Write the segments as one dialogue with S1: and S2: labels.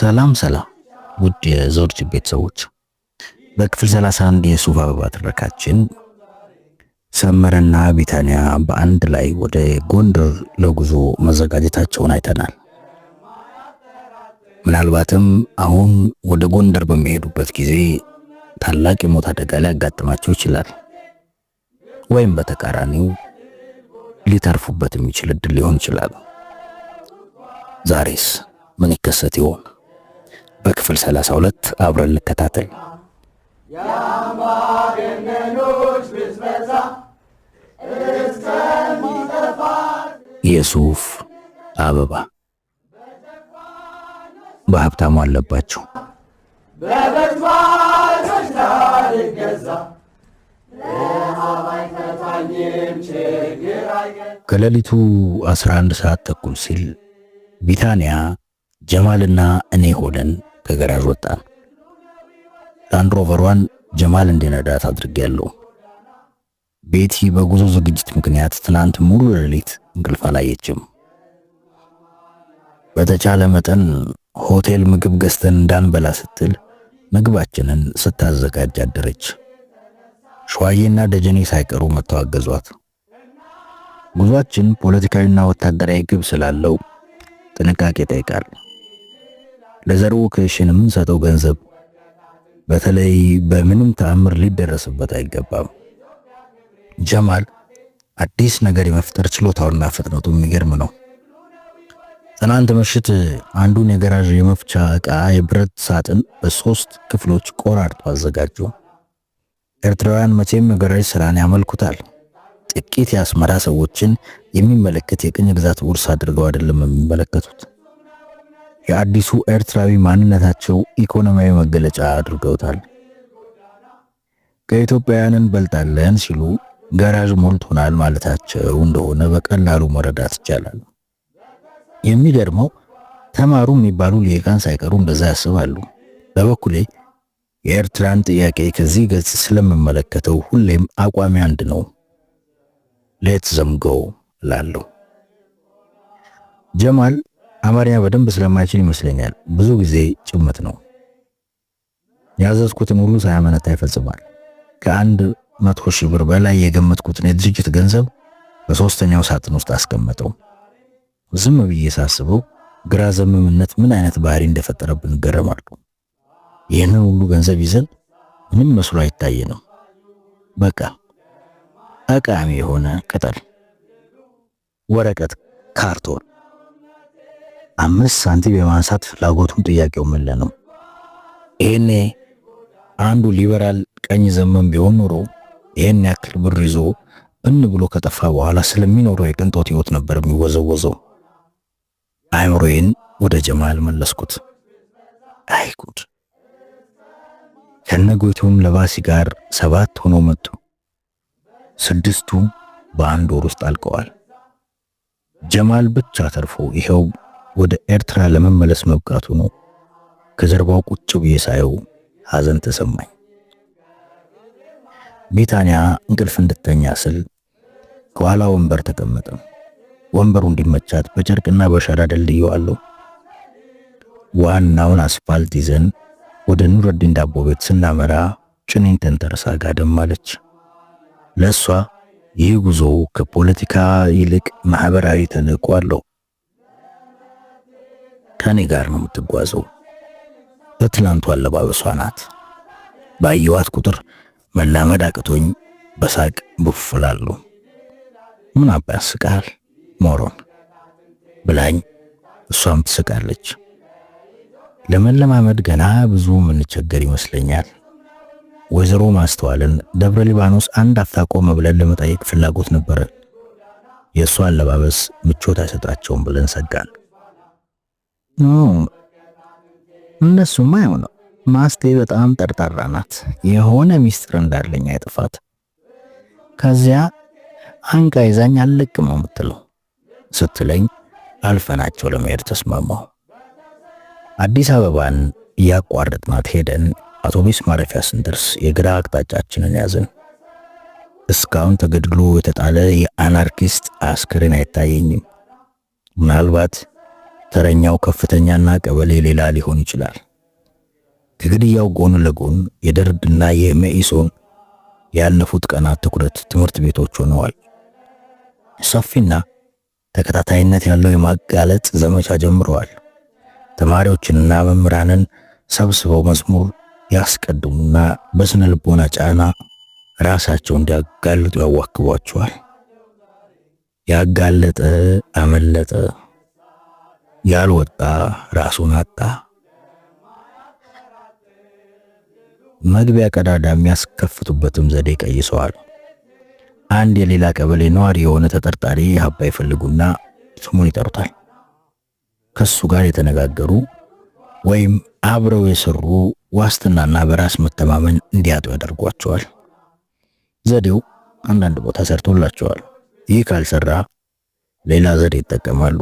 S1: ሰላም ሰላም! ውድ የዞርጅ ቤተሰቦች በክፍል 31 የሱፍ አበባ ትረካችን ሰመረና ቢታንያ በአንድ ላይ ወደ ጎንደር ለጉዞ መዘጋጀታቸውን አይተናል። ምናልባትም አሁን ወደ ጎንደር በሚሄዱበት ጊዜ ታላቅ የሞት አደጋ ሊያጋጥማቸው ይችላል፣ ወይም በተቃራኒው ሊተርፉበት የሚችል እድል ሊሆን ይችላል። ዛሬስ ምን ይከሰት ይሆን? በክፍል 32 አብረን እንከታተል። የሱፍ አበባ በሀብታሙ አለባቸው። ከሌሊቱ 11 ሰዓት ተኩል ሲል ቢታንያ ጀማልና እኔ ሆነን ከገራዥ ወጣን። ላንድሮቨሯን ጀማል እንዲነዳት አድርጌያለሁ። ቤቲ በጉዞ ዝግጅት ምክንያት ትናንት ሙሉ ሌሊት እንቅልፍ አላየችም። በተቻለ መጠን ሆቴል ምግብ ገዝተን እንዳንበላ ስትል ምግባችንን ስታዘጋጅ አደረች። ሸዋዬና ደጀኔ ሳይቀሩ መጥተው አገዟት። ጉዟችን ፖለቲካዊና ወታደራዊ ግብ ስላለው ጥንቃቄ ይጠይቃል። ለዘር ክሽን የምንሰጠው ገንዘብ በተለይ በምንም ተአምር ሊደረስበት አይገባም። ጀማል አዲስ ነገር የመፍጠር ችሎታውና ፍጥነቱ የሚገርም ነው። ትናንት ምሽት አንዱን የገራዥ የመፍቻ ዕቃ የብረት ሳጥን በሶስት ክፍሎች ቆራርጦ አዘጋጁ። ኤርትራውያን መቼም የገራዥ ስራን ያመልኩታል። ጥቂት የአስመራ ሰዎችን የሚመለከት የቅኝ ግዛት ውርስ አድርገው አይደለም የሚመለከቱት፣ የአዲሱ ኤርትራዊ ማንነታቸው ኢኮኖሚያዊ መገለጫ አድርገውታል። ከኢትዮጵያውያን እንበልጣለን ሲሉ ገራዥ ሞልቶናል ማለታቸው እንደሆነ በቀላሉ መረዳት ይቻላል። የሚገርመው ተማሩ የሚባሉ ሊቃን ሳይቀሩ እንደዛ ያስባሉ። በበኩሌ የኤርትራን ጥያቄ ከዚህ ገጽ ስለምመለከተው ሁሌም አቋሚ አንድ ነው። ሌት ዘምገው ላለሁ ጀማል አማርኛ በደንብ ስለማይችል ይመስለኛል ብዙ ጊዜ ጭምት ነው። ያዘዝኩትን ሁሉ ሳያመነታ ይፈጽማል። ከአንድ መቶ ሺህ ብር በላይ የገመትኩትን የድርጅት ገንዘብ በሶስተኛው ሳጥን ውስጥ አስቀመጠው። ዝም ብዬ ሳስበው ግራ ዘመምነት ምን አይነት ባህሪ እንደፈጠረብን እገረማለሁ። ይህንን ሁሉ ገንዘብ ይዘን ምንም መስሎ አይታየንም። በቃ ጠቃሚ የሆነ ቅጠል፣ ወረቀት፣ ካርቶን፣ አምስት ሳንቲም የማንሳት ፍላጎቱም ጥያቄው መለ ነው። ይህኔ አንዱ ሊበራል ቀኝ ዘመን ቢሆን ኖሮ ይህን ያክል ብር ይዞ እን ብሎ ከጠፋ በኋላ ስለሚኖረው የቅንጦት ህይወት ነበር የሚወዘወዘው። አእምሮዬን ወደ ጀማል መለስኩት። አይጉድ! ከነጎቱም ለባሲ ጋር ሰባት ሆኖ መጡ። ስድስቱ በአንድ ወር ውስጥ አልቀዋል። ጀማል ብቻ ተርፎ ይሄው ወደ ኤርትራ ለመመለስ መብቃቱ ነው። ከጀርባው ቁጭ ብዬ ሳየው ሐዘን ተሰማኝ። ቤታንያ እንቅልፍ እንድተኛ ስል ከኋላ ወንበር ተቀመጠ። ወንበሩ እንዲመቻት በጨርቅና በሸራ ደልድዩ አሉ። ዋናውን አስፋልት ይዘን ወደ ኑረዲን ዳቦ ቤት ስናመራ ጭኔን ተንተርሳ ጋደም አለች። ለእሷ ይህ ጉዞ ከፖለቲካ ይልቅ ማህበራዊ ተንቆ አለው። ከኔ ጋር ነው የምትጓዘው። በትላንቱ አለባበሷ ናት። ባየዋት ቁጥር መላመድ አቅቶኝ በሳቅ ብፍላለሁ። ምን አባ ያስቃል። ሞሮን ብላኝ እሷም ትስቃለች። ለመለማመድ ገና ብዙ ምንቸገር ይመስለኛል። ወይዘሮ ማስተዋልን ደብረ ሊባኖስ አንድ ቆመ ብለን ለመጠየቅ ፍላጎት ነበረ። የእሷ አለባበስ ምቾት አይሰጣቸውም ብለን ሰጋን። እነሱማ ያው ነው። ማስቴ በጣም ጠርጣራ ናት። የሆነ ሚስጥር እንዳለኝ አይጥፋት። ከዚያ አንቃ ይዛኝ አልለቅም ነው የምትለው። ስትለኝ አልፈናቸው ለመሄድ ተስማማሁ። አዲስ አበባን እያቋረጥናት ሄደን አውቶቡስ ማረፊያ ስንደርስ የግራ አቅጣጫችንን ያዝን። እስካሁን ተገድሎ የተጣለ የአናርኪስት አስክሬን አይታየኝም። ምናልባት ተረኛው ከፍተኛና ቀበሌ ሌላ ሊሆን ይችላል። ከግድያው ጎን ለጎን የደርድና የመኢሶን ያለፉት ቀናት ትኩረት ትምህርት ቤቶች ሆነዋል። ሰፊና ተከታታይነት ያለው የማጋለጥ ዘመቻ ጀምረዋል። ተማሪዎችንና መምህራንን ሰብስበው መዝሙር ያስቀድሙና በስነ ልቦና ጫና ራሳቸው እንዲያጋልጡ ያዋክቧቸዋል። ያጋለጠ አመለጠ፣ ያልወጣ ራሱን አጣ። መግቢያ ቀዳዳ የሚያስከፍቱበትም ዘዴ ቀይሰዋል። አንድ የሌላ ቀበሌ ነዋሪ የሆነ ተጠርጣሪ ሀባ ይፈልጉና ስሙን ይጠሩታል። ከሱ ጋር የተነጋገሩ ወይም አብረው የሰሩ ዋስትናና በራስ መተማመን እንዲያጡ ያደርጓቸዋል። ዘዴው አንዳንድ ቦታ ሰርቶላቸዋል። ይህ ካልሰራ ሌላ ዘዴ ይጠቀማሉ።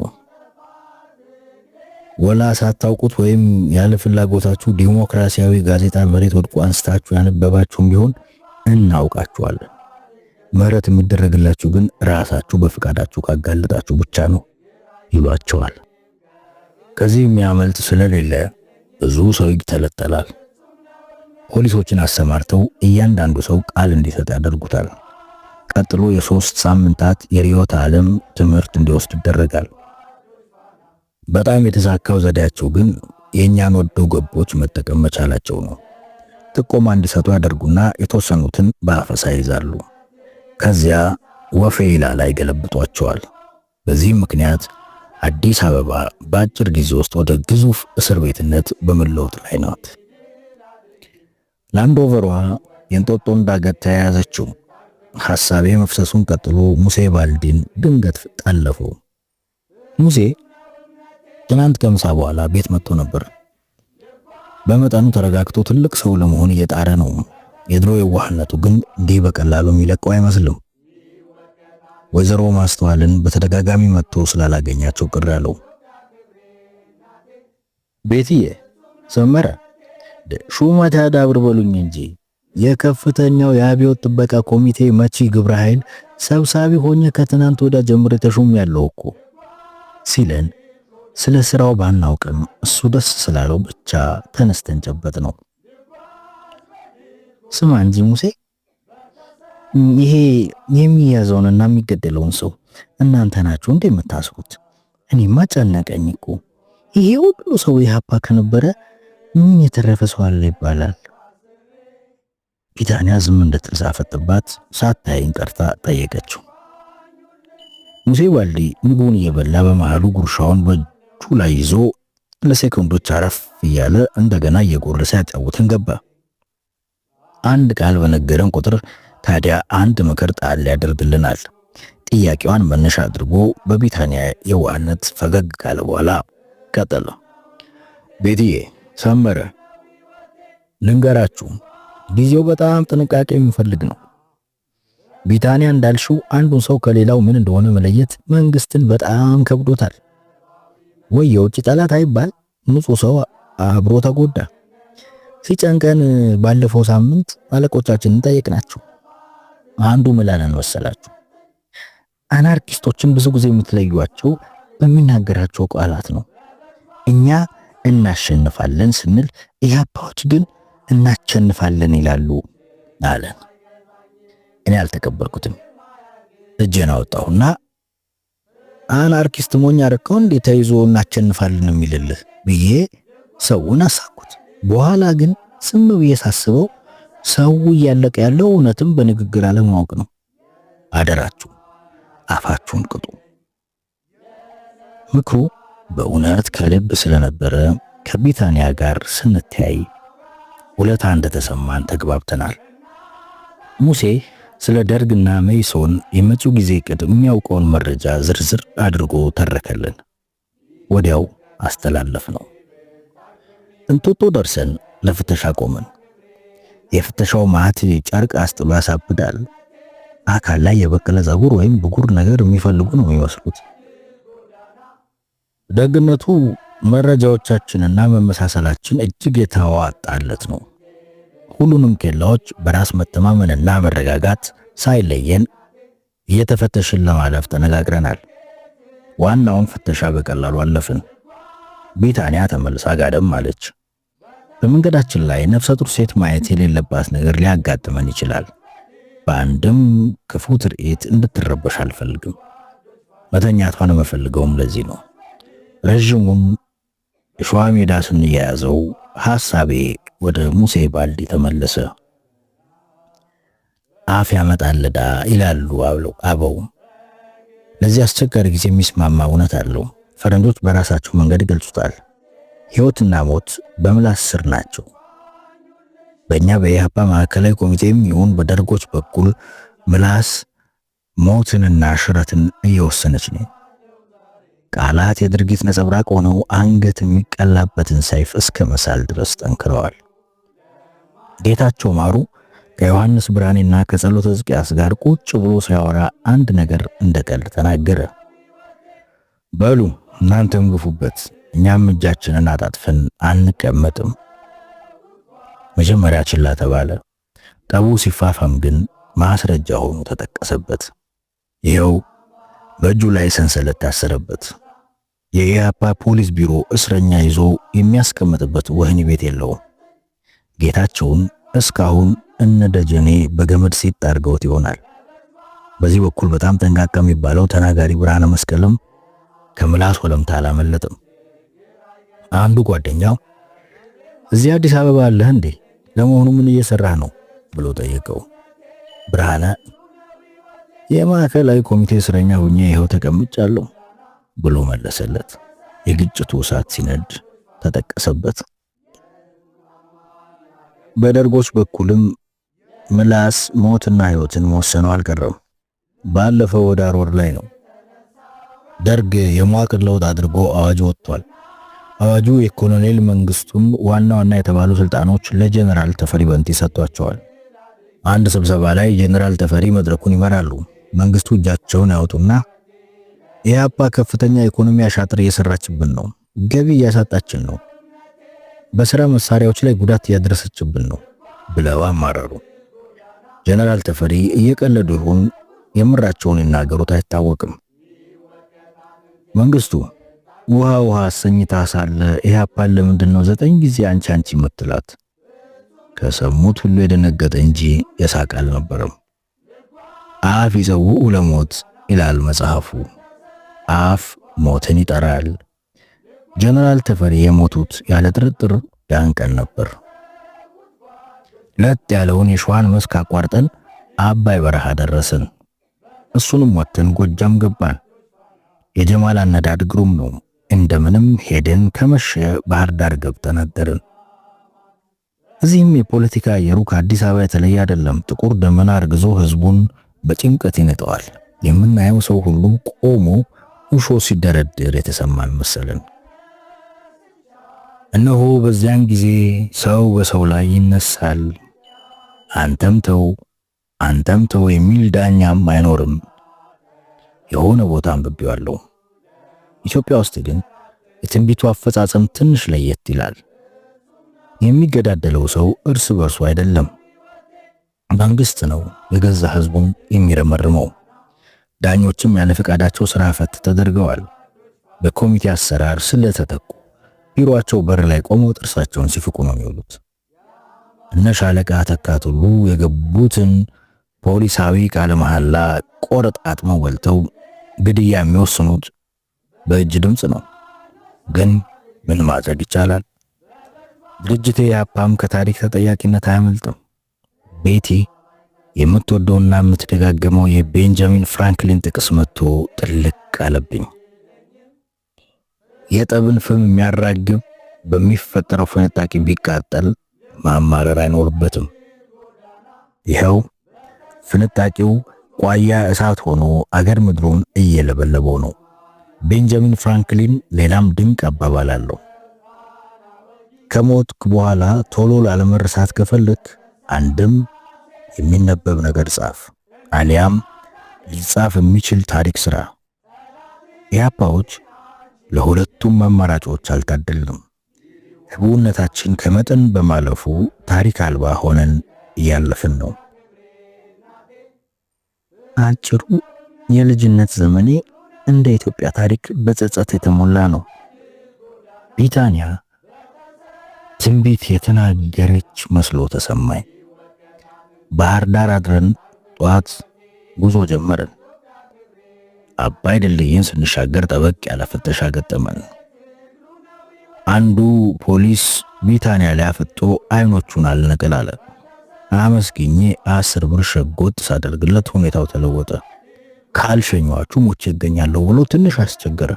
S1: ወላ ሳታውቁት ወይም ያለ ፍላጎታችሁ ዲሞክራሲያዊ ጋዜጣ መሬት ወድቆ አንስታችሁ ያነበባችሁም ቢሆን እናውቃችኋለን። ምህረት የሚደረግላችሁ ግን ራሳችሁ በፍቃዳችሁ ካጋለጣችሁ ብቻ ነው ይሏቸዋል። ከዚህ የሚያመልጥ ስለሌለ ብዙ ሰው ይተለጠላል። ፖሊሶችን አሰማርተው እያንዳንዱ ሰው ቃል እንዲሰጥ ያደርጉታል። ቀጥሎ የሶስት ሳምንታት የርዕዮተ ዓለም ትምህርት እንዲወስድ ይደረጋል። በጣም የተሳካው ዘዴያቸው ግን የእኛን ወዶ ገቦች መጠቀም መቻላቸው ነው። ጥቆማ እንዲሰጡ ያደርጉና የተወሰኑትን በአፈሳ ይዛሉ። ከዚያ ወፌላ ላይ ገለብጧቸዋል። በዚህም ምክንያት አዲስ አበባ በአጭር ጊዜ ውስጥ ወደ ግዙፍ እስር ቤትነት በመለወጥ ላይ ናት። ላንዶቨሯ የእንጦጦን ዳገት ተያያዘችው። ሐሳቤ መፍሰሱን ቀጥሎ ሙሴ ባልዲን ድንገት ጣለፉ። ሙሴ ትናንት ከምሳ በኋላ ቤት መጥቶ ነበር። በመጠኑ ተረጋግቶ ትልቅ ሰው ለመሆን እየጣረ ነው። የድሮ የዋህነቱ ግን እንዲህ በቀላሉ የሚለቀው አይመስልም። ወይዘሮ ማስተዋልን በተደጋጋሚ መጥቶ ስላላገኛቸው ቅር አለው። ቤትዬ ሰመረ ሹመት ያዳብር በሉኝ እንጂ የከፍተኛው የአብዮት ጥበቃ ኮሚቴ መቺ ግብረ ኃይል ሰብሳቢ ሆኜ ከትናንት ወዳ ጀምር ተሹም ያለው እኮ ሲለን ስለ ስራው ባናውቅም እሱ ደስ ስላለው ብቻ ተነስተን ጨበጥ ነው። ስማ እንጂ ሙሴ ይሄ የሚያዘውንና የሚገደለውን ሰው እናንተ ናችሁ እንዴ የምታስሩት? እኔማ ጨነቀኝ እኮ ይሄ ሁሉ ሰው የሀባ ከነበረ ምን የተረፈ ሰው አለ ይባላል። ቢታንያ ዝም እንደተንሳፈጥባት ሳታይን ቀርታ ጠየቀችው። ሙሴ ባልዲ ምግቡን እየበላ በመሃሉ ጉርሻውን በእጁ ላይ ይዞ ለሴኮንዶች አረፍ እያለ እንደገና እየጎረሰ ያጫውትን ገባ። አንድ ቃል በነገረን ቁጥር ታዲያ አንድ ምክር ጣል ያደርግልናል። ጥያቄዋን መነሻ አድርጎ በቢታንያ የዋህነት ፈገግ ካለ በኋላ ቀጠለ። ቤትዬ ሰመረ፣ ልንገራችሁ፣ ጊዜው በጣም ጥንቃቄ የሚፈልግ ነው። ቢታንያ እንዳልሽው አንዱን ሰው ከሌላው ምን እንደሆነ መለየት መንግስትን በጣም ከብዶታል። ወይ የውጭ ጠላት አይባል፣ ንጹህ ሰው አብሮ ተጎዳ። ሲጨንቀን ባለፈው ሳምንት አለቆቻችንን ጠየቅናቸው። አንዱ ምላለን መሰላችሁ አናርኪስቶችን ብዙ ጊዜ የምትለዩቸው በሚናገራቸው ቃላት ነው። እኛ እናሸንፋለን ስንል ኢህአፓዎች ግን እናቸንፋለን ይላሉ አለን። እኔ አልተቀበልኩትም። እጄን አወጣሁና አናርኪስት ሞኝ አደረከው እንዴ ተይዞ እናቸንፋለን የሚልልህ ብዬ ሰውን አሳኩት። በኋላ ግን ስም ብዬ ሳስበው ሰው እያለቀ ያለው እውነትም በንግግር አለማወቅ ነው። አደራችሁ አፋችሁን ቅጡ። ምክሩ በእውነት ከልብ ስለነበረ ከቢታንያ ጋር ስንተያይ ውለታ እንደተሰማን ተግባብተናል። ሙሴ ስለ ደርግና መይሶን የመጪው ጊዜ ዕቅድ የሚያውቀውን መረጃ ዝርዝር አድርጎ ተረከልን። ወዲያው አስተላለፍ ነው። እንጦጦ ደርሰን ለፍተሻ ቆመን የፍተሻው ማት ጨርቅ አስጥሎ ያሳብዳል። አካል ላይ የበቀለ ጸጉር ወይም ብጉር ነገር የሚፈልጉ ነው የሚመስሉት። ደግነቱ መረጃዎቻችንና መመሳሰላችን እጅግ የተዋጣለት ነው። ሁሉንም ኬላዎች በራስ መተማመንና መረጋጋት ሳይለየን እየተፈተሽን ለማለፍ ተነጋግረናል። ዋናውን ፍተሻ በቀላሉ አለፍን። ቢታንያ ተመልሳ ጋደም አለች። በመንገዳችን ላይ ነፍሰ ጡር ሴት ማየት የሌለባት ነገር ሊያጋጥመን ይችላል። በአንድም ክፉ ትርኢት እንድትረበሽ አልፈልግም። መተኛቷን የምፈልገውም ለዚህ ነው። ረዥሙን የሸዋ ሜዳ ስንያያዘው ሐሳቤ ወደ ሙሴ ባልዲ ተመለሰ። አፍ ያመጣል ዕዳ ይላሉ አበው። ለዚህ አስቸጋሪ ጊዜ የሚስማማ እውነት አለው። ፈረንጆች በራሳቸው መንገድ ይገልጹታል። ሕይወትና ሞት በምላስ ስር ናቸው። በእኛ በኢህአፓ ማዕከላዊ ኮሚቴም ይሁን በደርጎች በኩል ምላስ ሞትንና ሽረትን እየወሰነች ነው። ቃላት የድርጊት ነጸብራቅ ሆነው አንገት የሚቀላበትን ሰይፍ እስከ መሳል ድረስ ጠንክረዋል። ጌታቸው ማሩ ከዮሐንስ ብርሃኔና ከጸሎተ ሕዝቅያስ ጋር ቁጭ ብሎ ሲያወራ አንድ ነገር እንደ ተናገረ። በሉ እናንተም ግፉበት እኛም እጃችንን አጣጥፈን አንቀመጥም። መጀመሪያ ችላ ተባለ። ጠቡ ሲፋፋም ግን ማስረጃ ሆኖ ተጠቀሰበት። ይኸው በእጁ ላይ ሰንሰለት ታሰረበት። የኢያፓ ፖሊስ ቢሮ እስረኛ ይዞ የሚያስቀምጥበት ወህኒ ቤት የለውም። ጌታቸውን እስካሁን እነ ደጀኔ በገመድ ሲጣርገውት ይሆናል። በዚህ በኩል በጣም ጠንቃቃ የሚባለው ተናጋሪ ብርሃነ መስቀልም ከምላስ ወለምታ አላመለጥም። አንዱ ጓደኛው እዚህ አዲስ አበባ አለህ እንዴ? ለመሆኑ ምን እየሰራህ ነው ብሎ ጠየቀው። ብርሃነ የማዕከላዊ ኮሚቴ እስረኛ ሁኜ ይኸው ተቀምጫለሁ ብሎ መለሰለት። የግጭቱ እሳት ሲነድ ተጠቀሰበት። በደርጎች በኩልም ምላስ ሞትና ህይወትን መወሰኑ አልቀረም። ባለፈው ወዳር ወር ላይ ነው ደርግ የመዋቅር ለውጥ አድርጎ አዋጅ ወጥቷል። አዋጁ የኮሎኔል መንግስቱም ዋና ዋና የተባሉ ስልጣኖች ለጀነራል ተፈሪ በንቲ ሰጥቷቸዋል። አንድ ስብሰባ ላይ ጀነራል ተፈሪ መድረኩን ይመራሉ። መንግስቱ እጃቸውን ያወጡና የአባ ከፍተኛ ኢኮኖሚ አሻጥር እየሰራችብን ነው፣ ገቢ እያሳጣችን ነው፣ በስራ መሳሪያዎች ላይ ጉዳት እያደረሰችብን ነው ብለው አማረሩ። ጀነራል ተፈሪ እየቀለዱ ይሆን የምራቸውን ይናገሩት አይታወቅም። መንግስቱ ውሃ ውሃ አሰኝታ ሳለ ኢህአፓን ለምንድን ነው ዘጠኝ ጊዜ አንቺ አንቺ የምትላት? ከሰሙት ሁሉ የደነገጠ እንጂ የሳቀ አልነበረም። አፍ ይፀውኡ ለሞት ይላል መጽሐፉ። አፍ ሞትን ይጠራል። ጀነራል ተፈሪ የሞቱት ያለ ጥርጥር ያን ቀን ነበር። ለጥ ያለውን የሸዋን መስክ አቋርጠን አባይ በረሃ ደረስን። እሱንም ወጥተን ጎጃም ገባን። የጀማል አነዳድ ግሩም ነው። እንደምንም ሄደን ከመሸ ባህር ዳር ገብተን አደርን። እዚህም የፖለቲካ አየሩ ከአዲስ አበባ የተለየ አይደለም። ጥቁር ደመና አርግዞ ህዝቡን በጭንቀት ይነጣዋል የምናየው ሰው ሁሉ ቆሞ ውሾ ሲደረድር የተሰማን መሰለን። እነሆ በዚያን ጊዜ ሰው በሰው ላይ ይነሳል። አንተም ተው አንተም ተው የሚል ዳኛም አይኖርም። የሆነ ቦታ አንብቤዋለሁ ኢትዮጵያ ውስጥ ግን የትንቢቱ አፈጻጸም ትንሽ ለየት ይላል። የሚገዳደለው ሰው እርስ በርሱ አይደለም፣ መንግስት ነው የገዛ ህዝቡን የሚረመርመው። ዳኞችም ያለ ፈቃዳቸው ስራ ፈት ተደርገዋል። በኮሚቴ አሰራር ስለተተኩ ቢሮአቸው በር ላይ ቆመው ጥርሳቸውን ሲፍቁ ነው የሚውሉት። እነ ሻለቃ ተካት ሁሉ የገቡትን ፖሊሳዊ ቃለ መሐላ ቆረጥ አጥመው ወልተው ግድያ የሚወስኑት በእጅ ድምፅ ነው። ግን ምን ማድረግ ይቻላል? ድርጅቴ የአፓም ከታሪክ ተጠያቂነት አያመልጥም። ቤቲ የምትወደውና የምትደጋገመው የቤንጃሚን ፍራንክሊን ጥቅስ መጥቶ ጥልቅ አለብኝ። የጠብን ፍም የሚያራግብ በሚፈጠረው ፍንጣቂ ቢቃጠል ማማረር አይኖርበትም። ይኸው ፍንጣቂው ቋያ እሳት ሆኖ አገር ምድሩን እየለበለበው ነው። ቤንጃሚን ፍራንክሊን ሌላም ድንቅ አባባል አለው። ከሞትክ በኋላ ቶሎ ላለመረሳት ከፈለክ አንድም የሚነበብ ነገር ጻፍ፣ አሊያም ሊጻፍ የሚችል ታሪክ ስራ። ኢያፓዎች ለሁለቱም አማራጮች አልታደልንም። ህቡዕነታችን ከመጠን በማለፉ ታሪክ አልባ ሆነን እያለፍን ነው። አጭሩ የልጅነት ዘመኔ እንደ ኢትዮጵያ ታሪክ በጸጸት የተሞላ ነው። ቢታንያ ትንቢት የተናገረች መስሎ ተሰማኝ። ባህር ዳር አድረን ጠዋት ጉዞ ጀመርን። አባይ ድልድይን ስንሻገር ጠበቅ ያለ ፍተሻ ገጠመን። አንዱ ፖሊስ ቢታንያ ላይ አፍጦ አይኖቹን አልነቅል አለ። አመስግኜ አስር ብር ሸጎጥ ሳደርግለት ሁኔታው ተለወጠ። ካልሸኟችሁ ሞቼ እገኛለሁ ብሎ ትንሽ አስቸገረ።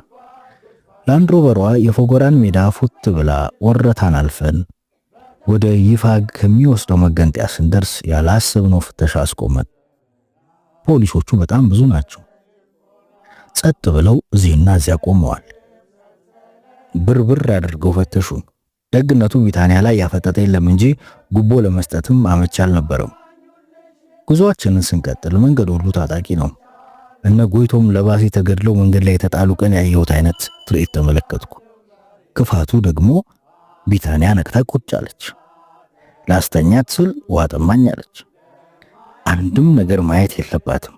S1: ላንድሮቨሯ የፎጎራን ሜዳ ፉት ብላ ወረታን አልፈን ወደ ይፋግ ከሚወስደው መገንጠያ ስንደርስ ያላሰብነው ፍተሻ አስቆመን። ፖሊሶቹ በጣም ብዙ ናቸው። ጸጥ ብለው እዚህና እዚያ ቆመዋል። ብርብር አድርገው ፈተሹን። ደግነቱ ቢታንያ ላይ ያፈጠጠ የለም እንጂ ጉቦ ለመስጠትም አመቻል አልነበረም። ጉዞአችንን ስንቀጥል መንገድ ሁሉ ታጣቂ ነው። እነ ጎይቶም ለባሴ ተገድለው መንገድ ላይ የተጣሉ ቀን ያየሁት አይነት ትርኢት ተመለከትኩ። ክፋቱ ደግሞ ቢታንያ ነቅታ ቁጭ አለች። ላስተኛት ስል ውሃ ጠማኝ አለች። አንድም ነገር ማየት የለባትም።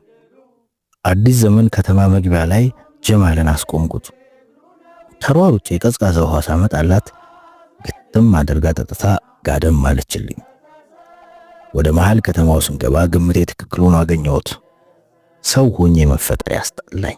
S1: አዲስ ዘመን ከተማ መግቢያ ላይ ጀማልን አስቆምኩት። ተሯሩጬ ቀዝቃዛ ውሃ ሳመጣላት ግጥም አድርጋ ጠጥታ ጋደም አለችልኝ። ወደ መሃል ከተማው ስንገባ ግምቴ ትክክሉን አገኘሁት። ሰው ሆኜ መፈጠር ያስጠላኝ።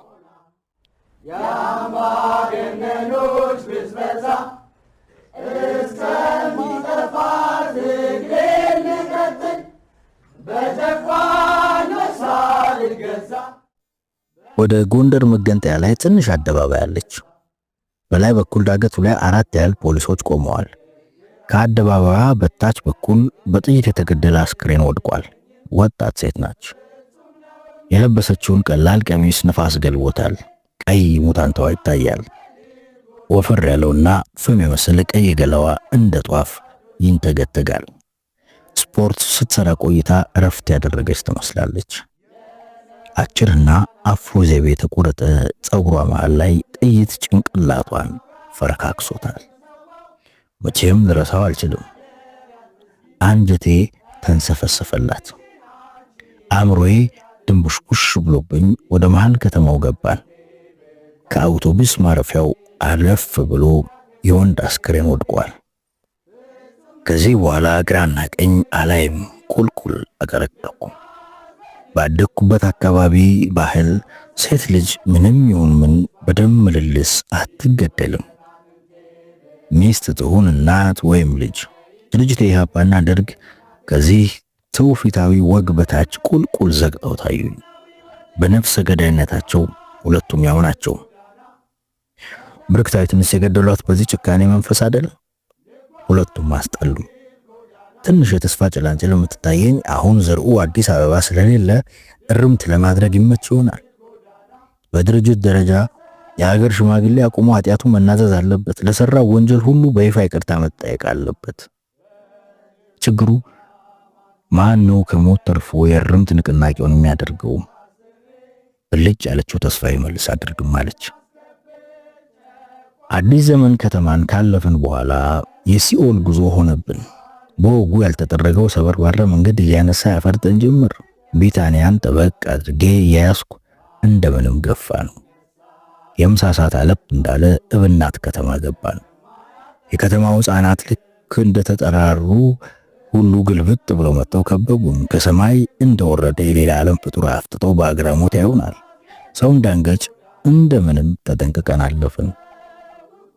S1: ወደ ጎንደር መገንጠያ ላይ ትንሽ አደባባይ አለች። በላይ በኩል ዳገቱ ላይ አራት ያህል ፖሊሶች ቆመዋል። ከአደባባያ በታች በኩል በጥይት የተገደለ አስክሬን ወድቋል። ወጣት ሴት ናች። የለበሰችውን ቀላል ቀሚስ ነፋስ ገልቦታል። ቀይ ሙታንታዋ ይታያል። ወፈር ያለውና ፍም የመሰለ ቀይ ገላዋ እንደ ጧፍ ይንተገተጋል። ስፖርት ስትሰራ ቆይታ እረፍት ያደረገች ትመስላለች። አጭርና አፍሮ ዘይቤ የተቆረጠ ጸጉሯ መሃል ላይ ጥይት ጭንቅላቷን ፈረካክሶታል። መቼም ልረሳው አልችልም። አንጀቴ ተንሰፈሰፈላት። አእምሮዬ ድንቡሽቡሽ ብሎብኝ ወደ መሃል ከተማው ገባን። ከአውቶቡስ ማረፊያው አለፍ ብሎ የወንድ አስክሬን ወድቋል። ከዚህ በኋላ ግራና ቀኝ አላይም፣ ቁልቁል አቀረቀቁ። ባደግኩበት አካባቢ ባህል ሴት ልጅ ምንም ይሁን ምን በደም ምልልስ አትገደልም። ሚስት ትሁን እናት ወይም ልጅ። ልጅ ኢህአፓና ደርግ ከዚህ ትውፊታዊ ወግ በታች ቁልቁል ዘግጠው ታዩኝ። በነፍሰ ገዳይነታቸው ሁለቱም ያው ናቸው። ትንሽ የገደሏት በዚህ ጭካኔ መንፈስ አደለ? ሁለቱም አስጠሉ። ትንሽ የተስፋ ጭላንጭል የምትታየኝ አሁን ዘርኡ አዲስ አበባ ስለሌለ እርምት ለማድረግ ይመች ይሆናል። በድርጅት ደረጃ የሀገር ሽማግሌ አቁሞ ኃጢአቱ መናዘዝ አለበት። ለሰራው ወንጀል ሁሉ በይፋ ይቅርታ መጠየቅ አለበት። ችግሩ ማን ነው ከሞት ተርፎ የእርምት ንቅናቄውን የሚያደርገው? ብልጭ ያለችው ተስፋዬ መልስ አድርግም አለች። አዲስ ዘመን ከተማን ካለፍን በኋላ የሲኦል ጉዞ ሆነብን። በወጉ ያልተጠረገው ሰበርባራ መንገድ እያነሳ ያፈርጠን ጀምር። ቢታንያን ጠበቅ አድርጌ እያያስኩ እንደምንም ገፋ ነው። የምሳ ሰዓት አለፍ እንዳለ እብናት ከተማ ገባን። የከተማው ሕፃናት ልክ እንደተጠራሩ ሁሉ ግልብጥ ብለው መጥተው ከበቡን። ከሰማይ እንደወረደ የሌላ ዓለም ፍጡር አፍጥጦ በአግራሞት ያዩናል። ሰው እንዳንገጭ እንደምንም ተጠንቅቀን አለፍን።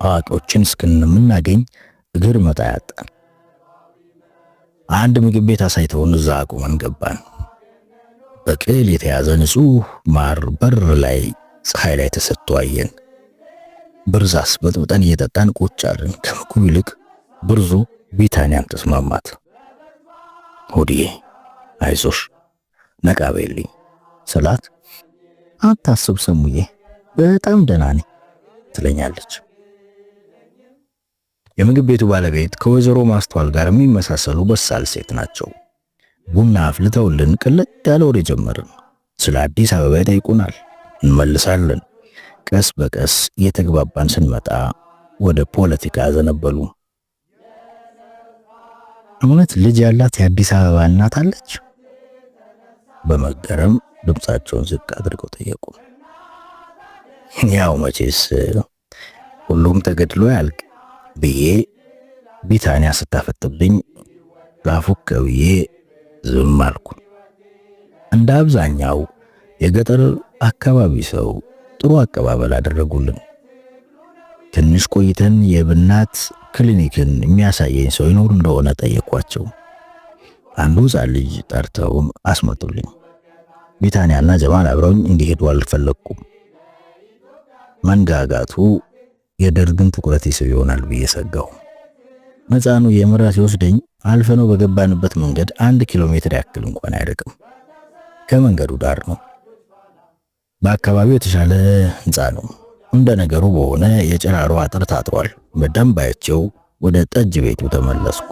S1: አዋቂዎችን እስክንምናገኝ እግር መጣ ያጣን። አንድ ምግብ ቤት አሳይተውን እዛ አቁመን ገባን። በቅል የተያዘ ንጹህ ማር በር ላይ ፀሐይ ላይ ተሰጥቶ አየን። ብርዛስ በጥብጠን እየጠጣን ቁጭ አልን። ከምግቡ ይልቅ ብርዙ ቢታንያን ተስማማት። ሆድዬ አይዞሽ ነቃ በይልኝ ስላት አታስብ ሰሙዬ፣ በጣም ደህና ነኝ ትለኛለች። የምግብ ቤቱ ባለቤት ከወይዘሮ ማስተዋል ጋር የሚመሳሰሉ በሳል ሴት ናቸው። ቡና አፍልተውልን ቅልጥ ያለ ወደ ጀመርን። ስለ አዲስ አበባ ይጠይቁናል፣ እንመልሳለን። ቀስ በቀስ እየተግባባን ስንመጣ ወደ ፖለቲካ ዘነበሉ። እውነት ልጅ ያላት የአዲስ አበባ እናት አለች? በመገረም ድምፃቸውን ዝቅ አድርገው ጠየቁ። ያው መቼስ ሁሉም ተገድሎ ያልቅ ብዬ ቢታንያ ስታፈጥብኝ ላፉክ ዝም አልኩ። እንደ አብዛኛው የገጠር አካባቢ ሰው ጥሩ አቀባበል አደረጉልን። ትንሽ ቆይተን የብናት ክሊኒክን የሚያሳየኝ ሰው ይኖር እንደሆነ ጠየኳቸው። አንዱ ህፃን ልጅ ጠርተውም አስመጡልኝ። ቢታንያና ጀማል አብረውኝ እንዲሄዱ አልፈለግኩም። መንጋጋቱ የደርግን ትኩረት ይስብ ይሆናል ብዬ ሰጋሁ። ሕፃኑ የምራ ሲወስደኝ አልፈነው በገባንበት መንገድ አንድ ኪሎ ሜትር ያክል እንኳን አይርቅም። ከመንገዱ ዳር ነው። በአካባቢው የተሻለ ህንፃ ነው። እንደ ነገሩ በሆነ የጭራሮ አጥር ታጥሯል። በደንብ አያቸው ወደ ጠጅ ቤቱ ተመለስኩ።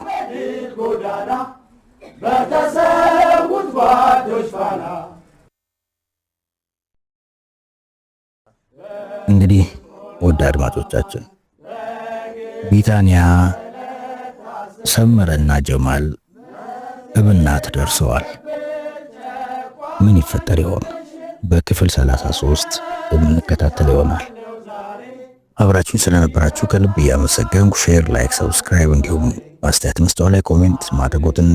S1: እንግዲህ ወደ አድማጮቻችን ቢታንያ ሰመረና ጀማል እብናት ደርሰዋል። ምን ይፈጠር ይሆን? በክፍል 33 የምንከታተል ይሆናል። አብራችሁን ስለነበራችሁ ከልብ እያመሰገንኩ ሼር፣ ላይክ፣ ሰብስክራይብ እንዲሁም አስተያየት መስጫው ላይ ኮሜንት ማድረጎትን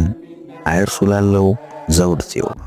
S1: አይርሱ። ላለው ዘውድ ሲሆን